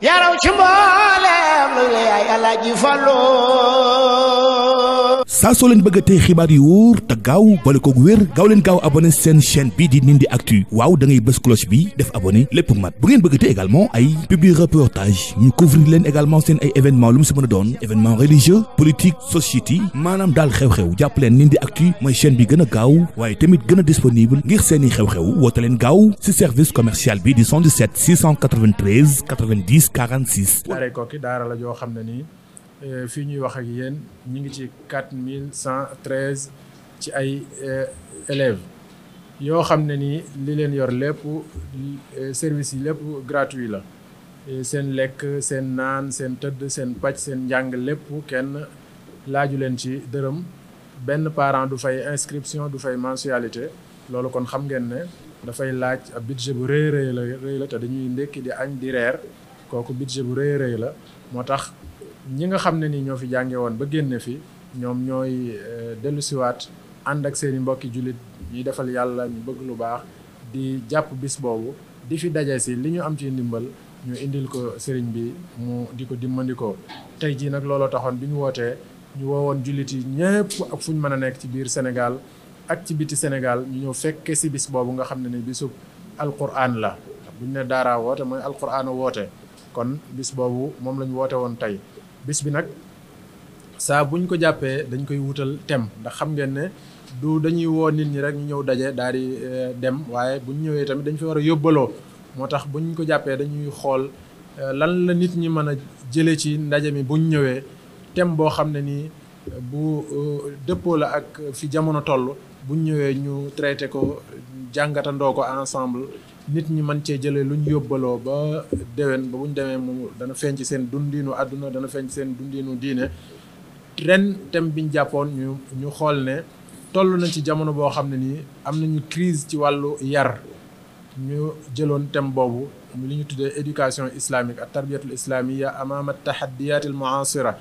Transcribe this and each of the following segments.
yaraw ci mboolem lu yaay Alaaji Fallu saa soo leen bëgg a xibaar yu wóor te gaaw boole koog wér gaaw leen gaaw abonné seen chaîne bii di Ndindy Actu waaw da ngay bës cloche bi def abonné lépp mat bu ngeen bëgg te également ay publi reportage ñu couvrir également seen ay événement lu mu si mën a doon événement religieux politique société maanaam daal xew-xew jàpp leen Ndindy Actu mooy chaîne bi gën a gaaw waaye tamit gën a disponible ngir seen i xew-xew woote leen gaaw si service commercial bi di 77 693 90 46. daara kooki daara la joo xam ne nii Euh, fii ñuy wax ak yéen ñu ngi ci quatre mille cent treize ci ay euh, élèves yoo xam ne nii li leen yor lépp euh, service yi lépp gratuit la seen lekk seen naan seen tëdd seen paj seen njàng lépp kenn laaju leen ci dërëm benn parent du fay inscription du fay mensualité loolu kon xam ngeen ne dafay laaj ab budget bu rëy rëy la rëy la te dañuy ndékki di añ di reer kooku budget bu rëy rëy la moo tax ñi nga xam ne ni ñoo fi jànge woon ba génn fi ñoom ñooy euh, dellusiwaat ànd ak seeni mbokki jullit ñuy defal yàlla ñu bëgg lu baax di jàpp bis boobu di fi daje si li ñu am ci ndimbal ñu indil ko sëriñ bi mu di ko dimbandikoo tey jii nag looloo taxoon bi ñu wootee ñu woowoon jullit yi ñëpp ak fu ñu mën a nekk ci biir Sénégal ak ci biti Sénégal ñu ñëw fekke si bis boobu nga xam ne ni bisub alquran la buñ ne daaraa woote mooy alquran woote kon bis boobu moom la ñu woote woon tey bis bi nag saa buñ ko jàppee dañ koy wutal thème ndax xam ngeen ne du dañuy woo nit ñi rek ñu ñëw daje daal di euh, dem waaye buñ ñëwee tamit dañ fi war a yóbbaloo moo tax buñ ko jàppee dañuy xool euh, lan la nit ñi mën a jëlee ci ndaje mi buñ ñëwee thème boo xam ne nii bu euh, dëppoo la ak fi jamono toll buñ ñëwee ñu traité ko jàngatandoo ko ensemble nit ñi mën cee jëlee lu ñu yóbbaloo ba déwén ba bu ñu demee mu dana fenc seen dundiinu àdduna dana feeñ ci seen dundiinu diine ren thème bi ñu jàppoon ñu ñu xool ne toll nañ ci jamono boo xam ne nii am nañu crise ci wàllu yar ñu jëloon thème boobu li ñu tuddee éducation islamique ak tarbiyatul islamiyya amama tahaddiyatil muasira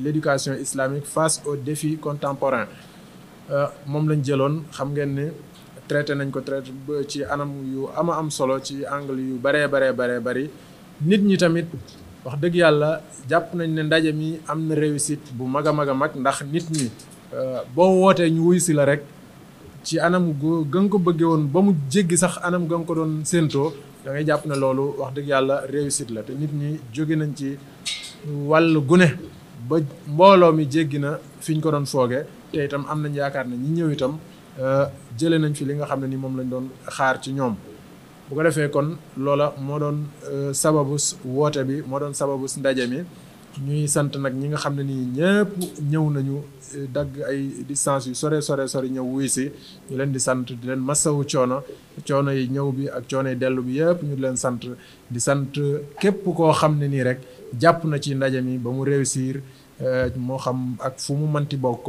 l' éducation islamique face aux défis contemporains Euh, moom lañ jëloon xam ngeen ne traité nañ ko traité ci anam yu ama am solo ci angle yu baree baree baree bari nit ñi tamit wax dëgg yàlla jàpp nañ ne ndaje mi am na réussite bu mag a mag a mag ndax nit ñi euh, boo wootee ñu wuy si la rek ci anam gu gën ko bëggee woon ba mu jéggi sax anam gën ko doon séentoo da jàpp ne loolu wax dëgg yàlla réussite la te nit ñi jóge nañ ci wall gune ba mbooloo mi jéggi na fi ñu ko doon fooge te itam am nañ yaakaar nañ ñi ñëw itam euh, jëlee nañ fi li nga xam ne nii moom lañ doon xaar ci ñoom bu ko defee kon loola moo doon euh, sababu woote bi moo doon sababu ndaje mi ñuy sant nag ñi nga xam ne nii ñëpp ñëw nañu euh, dagg ay di distance yu sore sore sore ñëw wuy si ñu leen di sant di leen masawu coono coono yi ñëw bi ak coono yi dellu bi yëpp ñu leen sant di sant képp koo xam ne nii rek jàpp na ci ndaje mi ba mu réussir Euh, moo xam ak fu mu mënti bokk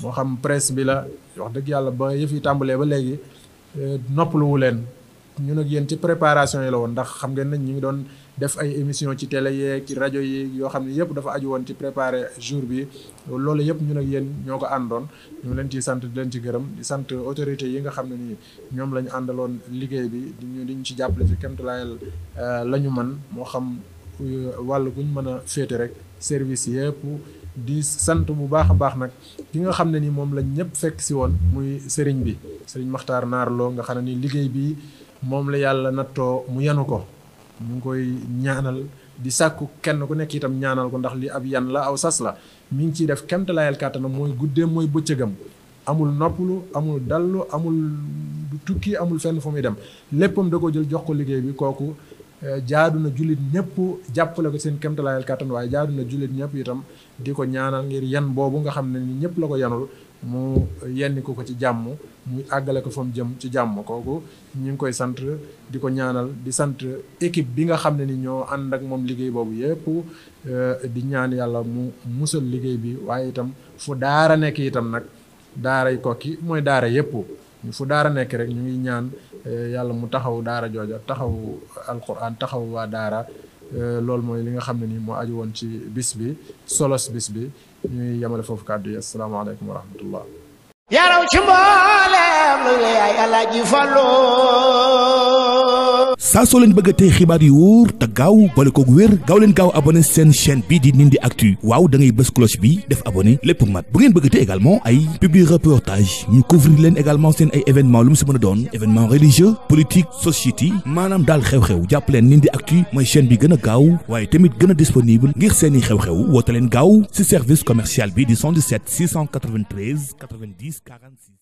moo xam presse bi la wax dëgg yàlla ba yëf yi tàmbalee ba léegi euh, noppaluwu leen ñun nag yéen ci préparation yi la woon ndax xam ngeen nañ ñu ngi doon def ay émission ci télé yeeg ci rajo yi yoo xam ne yëpp dafa aju woon ci préparer jour bi loolu yëpp ñu ak yéen ñoo ko àndoon ñu leen ci sant di leen ci gërëm di sant autorités yi nga xam ne nii ñoom la ñu àndaloon liggéey bi di ñu di ñu ci jàppale ci kéemtalaayal euh, la ñu mën moo xam wàll mën a féete rek di sant bu baax a baax nag ki nga xam ne ni moom lañ ñëpp fekk si woon muy sëriñ bi sëriñ Maxtaar Naarloo nga xam ne ni liggéey bi moom la yàlla nattoo mu yanu ko ñu koy ñaanal di sàkku kenn ku nekk itam ñaanal ko ndax li ab yan la aw sas la mi ngi ciy def kemtalaayal kàttanam mooy guddeem mooy bëccëgam amul noppalu amul dallu amul du tukki amul fenn fu muy dem léppam da ko jël jox ko liggéey bi kooku Eh, jaadu na jullit ñëpp jàppale ko seen kéemtalaayal kàttan waaye jaadu na jullit ñëpp itam di ko ñaanal ngir yan boobu nga xam ne ni ñëpp la ko yanul mu yenni ko ko ci jàmm mu àggale ko fa mu jëm ci jàmm kooku ñu ngi koy sant di ko ñaanal di sant équipe bi nga xam ne ni ñoo ànd ak moom liggéey boobu yépp eh, di ñaan yàlla mu musal liggéey bi waaye itam fu daara nekk itam nag daaray kokki mooy daara yépp fu daara nekk rek ñu ngi ñaan eh, yàlla mu taxaw daara joojo taxaw alquran taxaw waa daara eh, loolu mooy li nga xam ne ni moo aju woon ci bis bi solos bis bi ñuy yemale foofu kàddu yi asalaamaaleykum wa rahmatullah yaraw ci mbooleem lu ay alaaji Fallu saa soo leen bëgg a xibaar yu wóor te gaaw boole koog wér gaaw leen gaaw abonné seen chaîne bii di Ndindy Actu waaw da ngay bës cloche bi def abonné lépp mat bu ngeen bëgg a tey également ay publi reportage ñu couvrir leen également seen ay événement lu mu si mën a doon événement religieux politique société maanaam daal xew-xew jàpp leen Ndindy Actu mooy chaîne bi gën a gaaw waaye tamit gën a disponible ngir seeni xew-xew woote leen gaaw si service commercial bi di 77 693 90 46